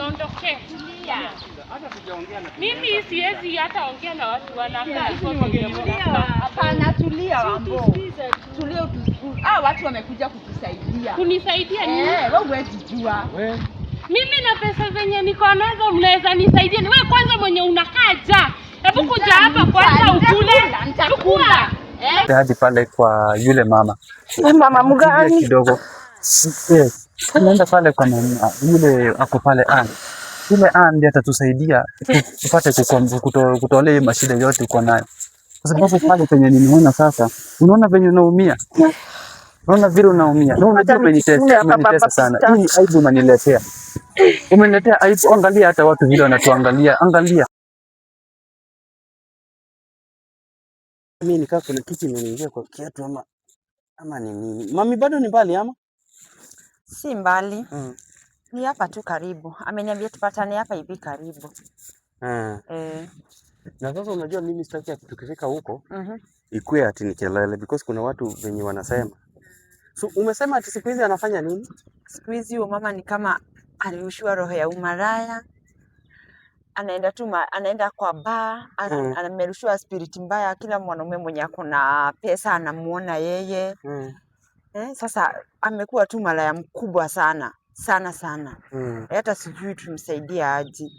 niondoke. Mimi siwezi hata ongea na watu wanakaa hapana. Tulia wambo, tulia utusikize. Ah, watu wamekuja kutusaidia, kunisaidia nini? Eh, wewe huwezi jua mimi na pesa zenye niko nazo mnaweza nisaidia? Ni wewe kwanza mwenye unakaja, hebu kuja hapa kwanza ukule, chukua eh? hadi pale kwa yule mama. Mama mgani kidogo Tunaenda pale kwa yule ako pale an yule an ndiye atatusaidia tupate kutolea hii mashida yote uko nayo, kwa sababu pale penye nimeona sasa, unaona venye unaumia, unaona vile unaumia, na unajua umenitesa sana. Hii aibu unaniletea, umeniletea aibu. Angalia hata watu vile wanatuangalia, angalia mimi nikaa kuna kitu imeniingia kwa kiatu ama ama ni nini? Mami bado ni mbali ama Si mbali mm. Ni hapa tu karibu, ameniambia tupatane hapa hivi karibu mm. Na sasa unajua mimi sitaki tukifika huko mm -hmm. Ikue ati ni kelele because kuna watu venye wanasema so, umesema ati siku hizi anafanya nini? Siku hizi huyo mama ni kama aliushiwa roho ya umaraya anaenda tu anaenda kwa baa mm. Amerushiwa spiriti mbaya. Kila mwanaume mwenye ako na pesa anamuona yeye mm. Eh, sasa amekuwa tu malaya mkubwa sana sana sana mm. Eh, hata sijui tumsaidia aje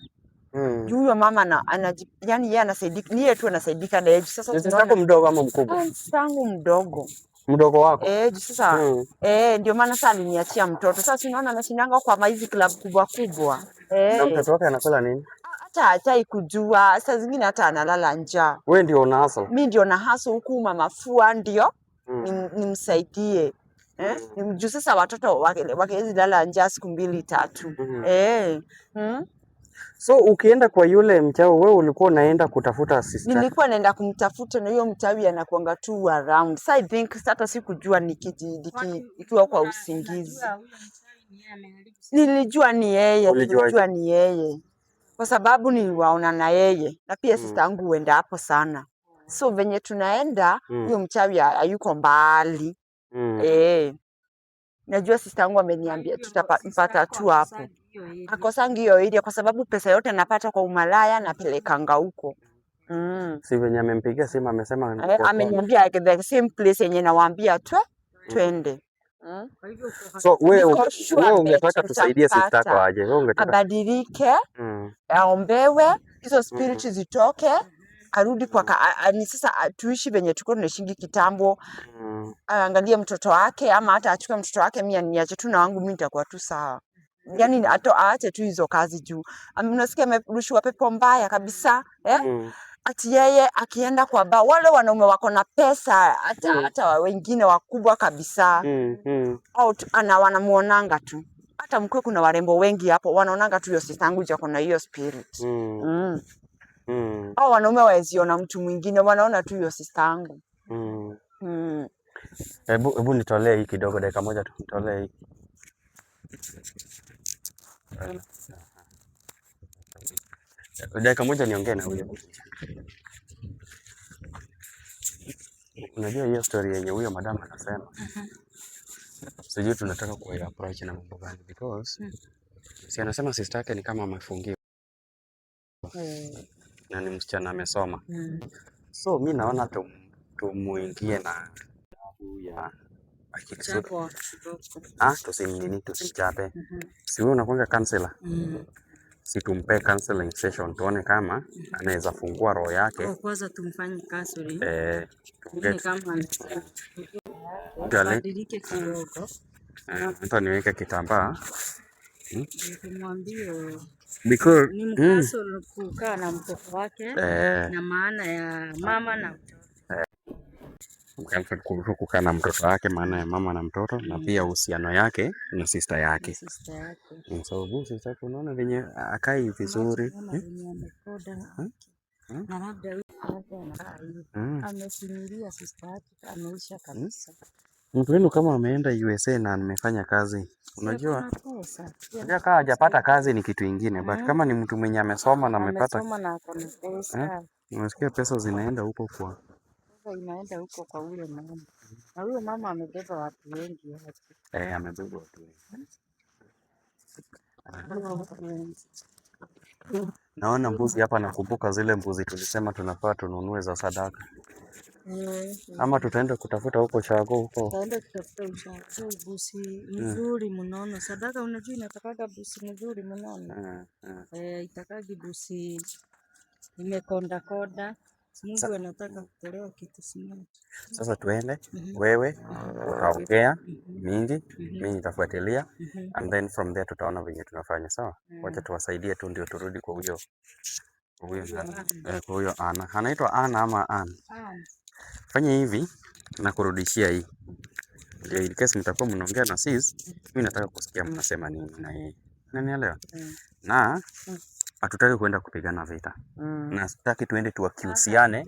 mm. Juu huyo mama na, anaji, yani yeye anasaidika ni yeye tu anasaidika na yeye. Sasa tunaona mdogo ama mkubwa Sangu ah, mdogo mdogo wako eh, sasa mm. Eh, ndio maana sasa aliniachia mtoto. Sasa tunaona anashindanga kwa hizi club kubwa kubwa eh. Na mtoto wake anakula nini? Ah, hata hatai kujua, saa zingine hata analala njaa. Wewe ndio una hustle, mimi ndio na hustle huku mama fua ndio mm. nimsaidie ni eh? mm. Juu sasa watoto wakiwezi lala njaa siku mbili tatu mm. eh. mm? So ukienda kwa yule mchawi, wewe ulikuwa unaenda kutafuta sister? Nilikuwa naenda kumtafuta, na hiyo mchawi anakuanga tu around. So I think hata sikujua ikiwa kwa usingizi nilijua ni yeye, nilijua ni yeye kwa sababu niliwaona na yeye na pia mm. sister yangu huenda hapo sana, so venye tunaenda mm. huyo mm. mchawi hayuko mbali Mm. Eh. Najua sister yangu ameniambia tutapata tu hapo. Akosangi hiyo ile kwa sababu pesa yote napata kwa umalaya napelekanga huko. Mm. Si venye amempigia simu amesema eh, ameniambia like the same place yenye nawaambia tu twende. Mm. So wewe wewe ungetaka tusaidie sister yako aje? Wewe ungetaka abadilike, mm. aombewe, hizo spirit mm-hmm. zitoke, mm-hmm. arudi kwa ka, a, a, ni sasa tuishi venye tuko na tunaishi kitambo. Mm aangalie mtoto wake ama hata achukue mtoto wake, mimi niache tu na wangu, mimi nitakuwa tu sawa. Yani ato aache tu hizo kazi juu unasikia amerushiwa pepo mbaya kabisa eh? mm. Ati yeye akienda kwa ba wale wanaume wako na pesa hata mm. hata wengine wakubwa kabisa mm. Mm. ana wanamuonanga tu hata mkwe, kuna warembo wengi hapo wanaonanga tu hiyo sitangu jako na hiyo spirit mm. Mm. Mm. Au wanaume waeziona mtu mwingine wanaona tu hiyo sitangu mm. Mm. Hebu hebu nitolee hii kidogo, dakika moja tu, nitolee hii. Dakika moja niongee na huyo. Unajua hiyo story yenye huyo madam anasema, uh-huh. sijui tunataka ku approach na mambo gani because hmm. si anasema sister yake ni kama amefungiwa hmm. na ni msichana amesoma, hmm. so mi naona tumuingie na juu ya tusimnini tusichape. Ah, mm-hmm. Si wewe unakwanga counselor? Mm. Si tumpe counseling session tuone kama anaweza fungua roho yake. Oh, kwanza tumfanye counseling. Eh, eh mtu aniweke kitambaa hmm? hmm? kukaa na mtoto wake eh. na maana ya mama na mtoto Alfred Kuruhu kukaa na mtoto wake, maana ya mama na mtoto mm. na pia uhusiano yake na sista yake, sababu sista tunaona venye akai vizuri eh? mm. hmm? mtu wenu kama ameenda USA na amefanya kazi, unajua unajua, kama hajapata kazi ni kitu ingine, hmm. but eh? kama ni mtu mwenye amesoma na amepata, unasikia eh? pesa zinaenda huko kwa sasa inaenda huko kwa ule mama, na huyo mama amebeba watu wengi hapo. eh, amebeba watu wengi. Naona mbuzi hapa, nakumbuka zile mbuzi tulisema tunafaa tununue za sadaka. Yeah, mm-hmm. Ama tutaenda kutafuta huko chago huko. Tutaenda kutafuta chago busi mzuri mnono. Sadaka unajua inatakaga busi mzuri mnono. Mm, mm. Eh, yeah, yeah. E, busi imekonda konda. Mungu anataka kutolewa kitu simama. Sasa tuende mm-hmm. wewe utaongea mm-hmm. mingi, mm-hmm. mimi nitafuatilia and then from there tutaona venye tunafanya sawa. Mm. Wacha tuwasaidie tu ndio turudi kwa huyo kwa huyo eh, Ana. Anaitwa Ana ama An. Fanya hivi na kurudishia hii. Ndio in case mtakuwa mnaongea na sis, mimi nataka kusikia mnasema nini na yeye. Unanielewa? Mm. Na mm hatutaki kuenda kupigana vita mm. na sitaki tuende tuwakiusiane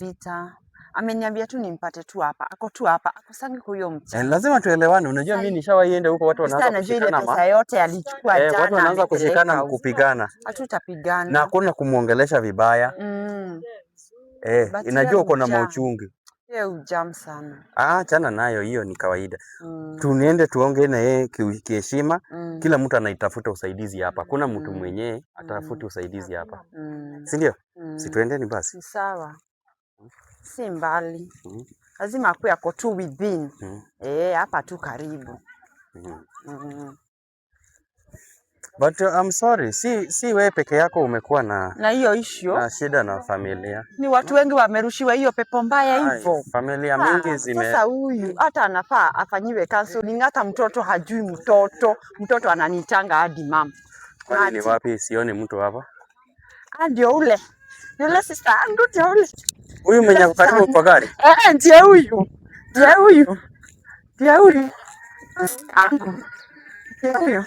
vita. Ameniambia tu nimpate tu hapa, ako tu hapa, akosangi kwa hiyo mtu. Eh, lazima tuelewane. Unajua mimi nishawaienda huko, watu wanaanza kushikana, pesa yote alichukua eh, jana, watu wanaanza kushikana kupigana. Hatutapigana na hakuna kumuongelesha vibaya mm. Eh, inajua uko na mauchungu pia ujam sana. Ah, chana nayo hiyo ni kawaida. Mm. Tuniende tuonge na yeye kiheshima. Mm. Kila mtu anaitafuta usaidizi hapa. Kuna mtu mm. mwenyewe atafuti mm. usaidizi hapa. Mm. Si ndio? Mm. Si basi. Ni sawa. Hmm? Si mbali. Hmm? Lazima akuwe ako tu within. Mm. Eh, hapa tu karibu. Hmm. Mm. Mm. But uh, I'm sorry, si, si wewe peke yako umekuwa na na hiyo issue na shida na familia. Ni watu wengi wamerushiwa hiyo pepo mbaya hivyo. Familia mingi ah, zime. Sasa huyu hata anafaa afanyiwe counseling, hata mtoto hajui mtoto, mtoto ananitanga hadi mama. Kwani ni wapi sioni mtu hapa? Ah, Ndio ule. Yule sister angu ah, ndio ule. Huyu mwenye kukaribu kwa gari. Eh, eh, ndio huyu. Ndio huyu. Ndio huyu. Ah, ndio huyu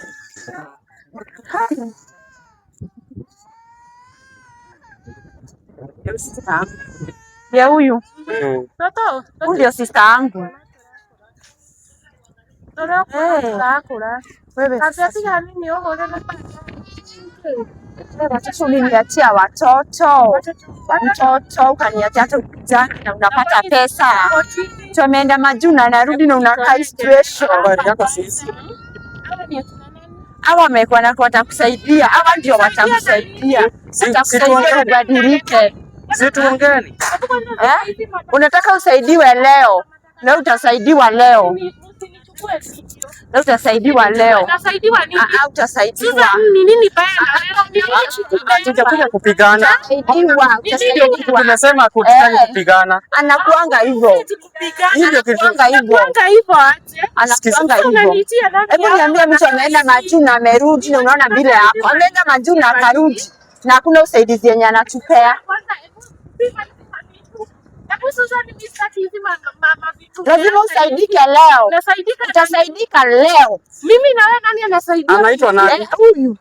ya huyu ndio sista yangu eh. watoto uliniachia watoto mtoto ukaniachia hata ukijani, na unapata pesa, tumeenda majuu na narudi na unakaa ama amekuwa na watakusaidia ama ndio watakusaidia, watakusaidia ubadilike. Eh? Unataka usaidiwe leo na utasaidiwa leo na utasaidiwa leo au utasaidiwa, kupigana. Tumesema tutaki eh, ah, kupigana, anakuanga hivyo hivyo, kituanga hivyo, anakuanga hivyo. Hebu niambie, mtu ameenda majuu na amerudi, na unaona bila hapo ameenda majuu na akarudi, na hakuna usaidizi yenye anatupea lazima usaidike leo, utasaidika leo. Anaitwa nani eh, huyu?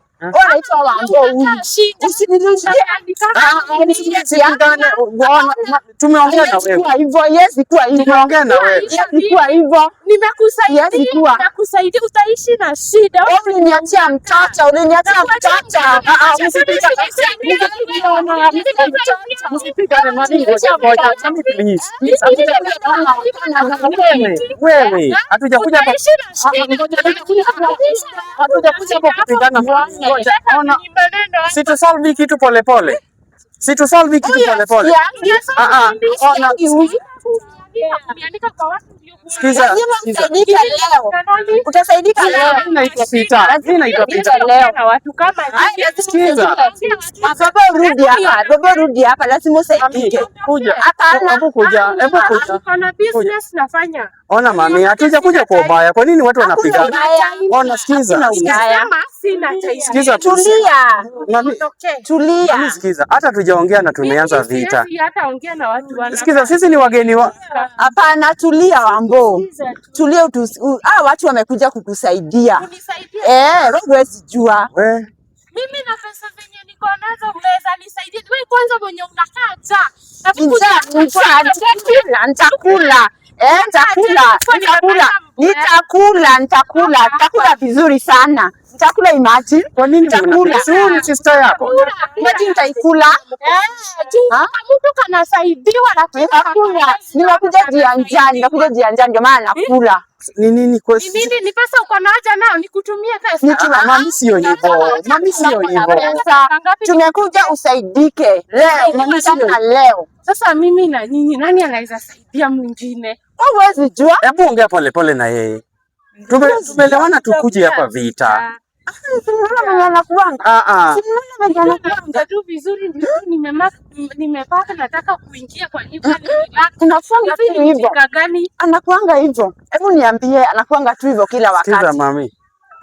Tumeongea na wewe hivyo, yesi kuwa hivyo, yesi kuwa hivyo, kusaidia utaishi na shida. Uliniachia mtoto, uliniachia mtoto. Wewe hatujakuja hapa, kitu polepole, situsolve kitu polepole. Ona Sikiza, utasaidika leo. Lazima hapa, baba urudi hapa, lazima usaidike. Kuja hebu kuja, Ona mami, hatuja kuja kwa ubaya. Kwa nini watu wanapiga? Ona, sikiza, sikiza, tulia mami, tulia mami, sikiza. Hata tujaongea na tumeanza vita. Sikiza, sisi ni wageni wa. Hapana, tulia mambo tu, ah, watu wamekuja kukusaidia eh, wewe huwezi jua Mimi na pesa zenye niko nazo unaweza nisaidia wewe kwanza, mwenye unakata nitakula, nitakula, eh, nitakula, nitakula Nitakula, nitakula, nitakula vizuri sana. Nitakula imati. Kwa nini nitakula? Sio sister yako. Imati nitaikula. Eh, mtu kanasaidiwa na kula. Nimekuja jianjani, nimekuja jianjani ndio maana nakula. Ni nini kwa sisi? Ni nini ni pesa uko na naja nao nikutumie pesa? Ni Nituma mami sio hivyo. Mami sio hivyo. Tumekuja usaidike. Leo, mami sio leo. Sasa mimi na nyinyi nani anaweza saidia mwingine? Huwezi jua. Hebu ongea polepole na yeye. Tumelewana tukuje hapa vita. Ah, ah, ah. Anakuanga hivyo. Hebu niambie, anakuanga tu hivyo kila wakati. Mami.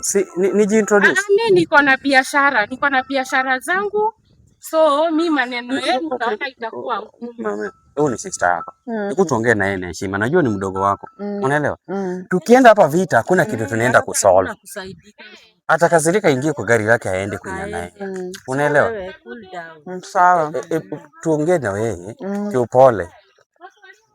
Si, ni, Mimi niko na biashara, niko na biashara zangu. So mi maneno yenu naona itakuwa ngumu huyu ni sista yako mm. Niku tuongee naye na heshima, najua ni mdogo wako mm. Unaelewa mm. Tukienda hapa vita hakuna kitu mm. tunaenda kusolve, atakasirika ingie kwa gari lake aende kunya naye mm. Unaelewa sawa, mm, mm. e, e, tuongee na wewe mm. kiupole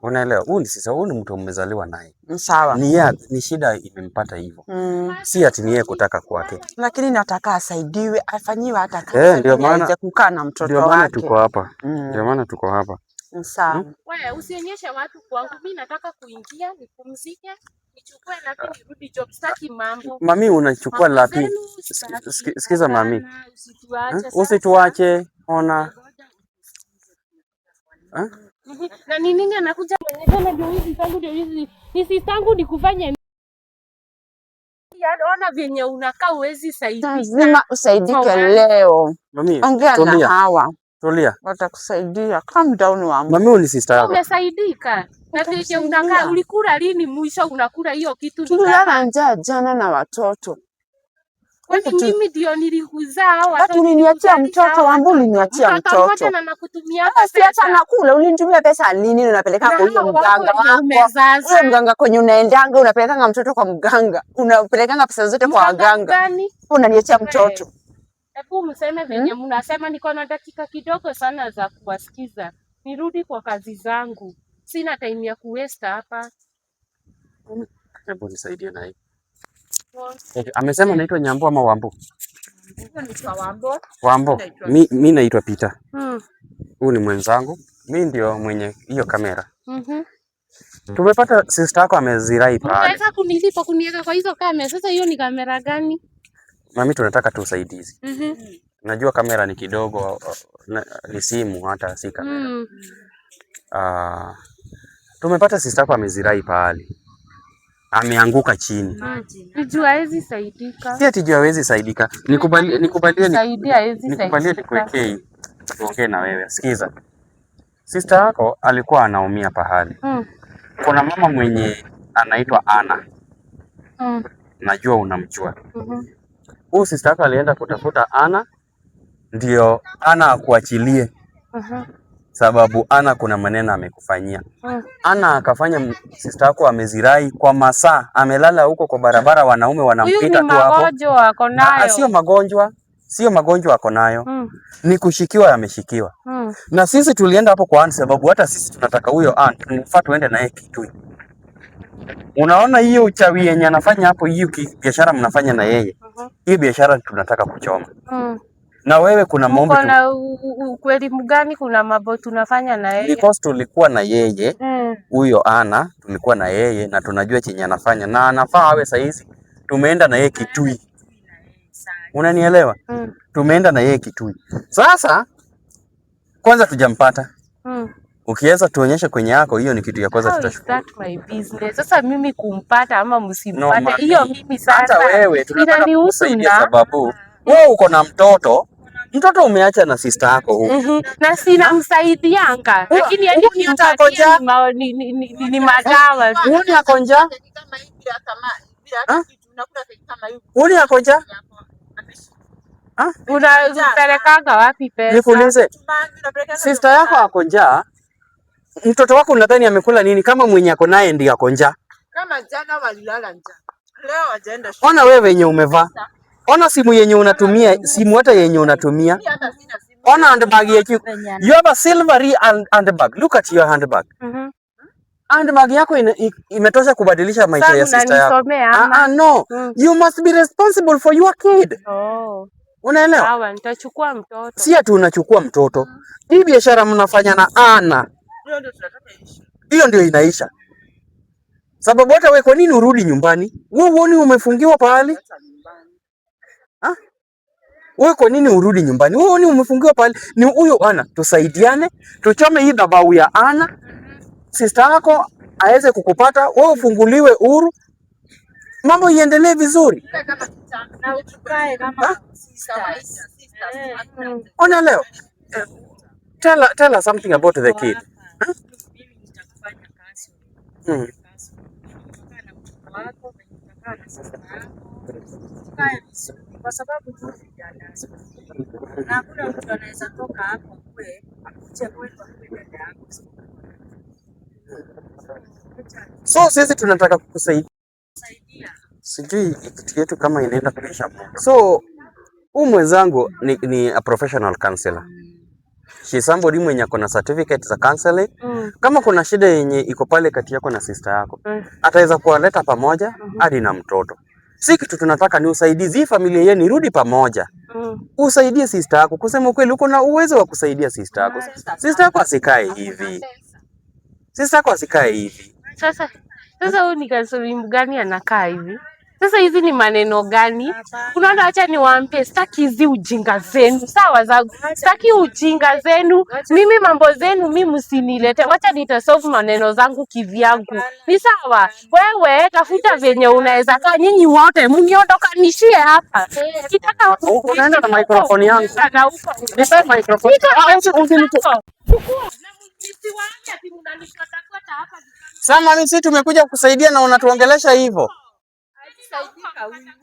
Unaelewa, huyu ni sasa, huyu ni mtu umezaliwa naye sawa. Ni, ya, ni shida imempata hivyo mm. si ati ni yeye kutaka kwake, lakini nataka asaidiwe, afanyiwe hata kama eh, ndio maana kukaa na mtoto wake, ndio maana tuko hapa, ndio maana tuko hapa mm. Sawa. Wewe usionyeshe watu kwangu, mimi nataka kuingia nipumzike, nichukue na nirudi job, sitaki mambo. Mami, unachukua lapi? Sikiza mami, usituache ona na ni nini anakuja ni sistangu nikufanye yaani, ona vyenye unakaa uwezi saidika. Lazima usaidike leo, ongea na hawa Tulia. Watakusaidia. Calm down mama. Mami ni sister yako. Umesaidika. Ndio unanga ulikula lini mwisho unakula hiyo kitu tulala njaa jana na watoto. Kwani mimi ndio nilikuzaa watoto. Uliniachia mtoto wangu, uliniachia mtoto. Mtoto na nakutumia pesa. Si hata nakula, ulinitumia pesa lini unapeleka kwa huyo mganga wako? Huyo mganga kwenye unaendanga unapelekanga mtoto kwa mganga. Unapelekanga pesa zote kwa waganga. Unaniachia mtoto. Hebu mseme hmm? venye mnasema, niko na dakika kidogo sana za kuwasikiza, nirudi kwa kazi zangu, sina time ya kuwesta hapa. Hebu nisaidie na hii eh, amesema, eh. naitwa Nyambo ama Wambo? Wambo, Wambo. Mi, mi naitwa Peter. Hmm. Huu ni mwenzangu, mi ndio mwenye hiyo kamera. Mm-hmm. Hmm. Tumepata sister yako amezirai pale. Unaweza kunilipa kuniweka kwa hizo kamera. Sasa hiyo ni kamera gani? mami, tunataka tu usaidizi. mm -hmm. Najua kamera ni kidogo, ni simu hata si kamera. mm. Uh, tumepata sista yako amezirai pahali, ameanguka chini, si ati juu hawezi saidika. Nikubalie, nikuekei nikuwekee tuongee na wewe. Sikiza, sista yako alikuwa anaumia pahali. mm. Kuna mama mwenye anaitwa Ana. mm. Najua unamjua. mm -hmm huyu sister yako alienda kutafuta Ana ndio Ana akuachilie uh -huh. Sababu Ana kuna maneno amekufanyia uh -huh. Ana akafanya sister yako amezirai kwa masaa, amelala huko kwa barabara, wanaume wanampita tu hapo. Sio magonjwa sio magonjwa ako nayo mm. Ni kushikiwa ameshikiwa mm. Na sisi tulienda hapo kwa Ann sababu hata sisi tunataka huyo Ann tunafaa tuende naye kitu. Unaona hiyo uchawi yenye anafanya hapo, hiyo biashara mnafanya na yeye hii biashara tunataka kuchoma mm. Na wewe kuna maombi kuna ukweli mgani? Kuna mambo tunafanya na yeye because tulikuwa na yeye mm. huyo mm. Ana tulikuwa na yeye na tunajua chenye anafanya na anafaa awe saizi. Tumeenda na yeye Kitui, unanielewa mm. Tumeenda na yeye Kitui sasa, kwanza tujampata mm. Ukiweza tuonyeshe kwenye yako, hiyo ni kitu ya kwanza tutashukuru. Sasa mimi kumpata ama msimpate, hiyo no, mimi sasa. Hata wewe tunataka kukusaidia sababu wewe uko na mtoto mtoto umeacha na sister yako huko mm -hmm. na sina msaidianga, lakini yani ni mtakoja ni ni ni, ni, ni madawa uni akonja uni akonja unapelekaga wapi pesa? Nikuulize, Sister yako akonja mtoto wako unadhani amekula nini? Kama mwenye ako naye ndio ako njaa. Kama jana walilala njaa. Leo wajaenda shule. Ona wewe yenye umevaa. Ona simu yenye unatumia, simu hata yenye unatumia. Ona handbag yako. You have a silvery handbag. Look at your handbag. Mm Mhm. Handbag yako imetosha kubadilisha maisha ya sister yako. Ah, ah, no. Mm. You must be responsible for your kid. Oh. Unaelewa? Sawa, nitachukua mtoto. Si ati unachukua mtoto. Mm. Hii biashara mnafanya na Ana hiyo ndio inaisha. Sababu hata wewe, kwa nini urudi nyumbani? Wewe uone umefungiwa pahali? Ah, wewe kwa nini urudi nyumbani? Wewe uone umefungiwa pahali? Ni huyo Ana, tusaidiane, tuchome hii dhabahu ya Ana, sister yako aweze kukupata, wewe ufunguliwe huru, mambo iendelee vizuri. Eh, eh. Ona leo, tell, tell us something about the kid kwa sababu na mtu anaweza toka hapo kwe dada yako. So sisi tunataka kukusaidia, sijui kitu yetu kama inaenda kuisha. So huu mwenzangu ni, ni a professional counselor she somebody mwenye ako na certificate za counseling mm. Kama kuna shida yenye iko pale kati yako na sister yako mm. ataweza kuwaleta pamoja mm hadi -hmm. na mtoto si kitu tunataka ni usaidizi, familia yenu irudi pamoja mm. Usaidie sister yako, kusema ukweli, uko na uwezo wa kusaidia sister yako. Sister yako asikae hivi, sister yako asikae hivi. Sasa sasa, huyu ni gani anakaa hivi? Sasa hizi ni maneno gani? Kuna watu, acha niwaambie, sitaki hizi ujinga zenu, sawa zangu, sitaki ujinga zenu. Mimi mambo zenu mimi msinilete, wacha nitasolve maneno zangu kivyangu, ni sawa. Wewe tafuta venye unaweza kaa, nyinyi wote mniondoka, nishie hapa. Kitaka unaenda na microphone yangu, Sama, mimi si tumekuja kusaidia na unatuongelesha hivyo 手机教育。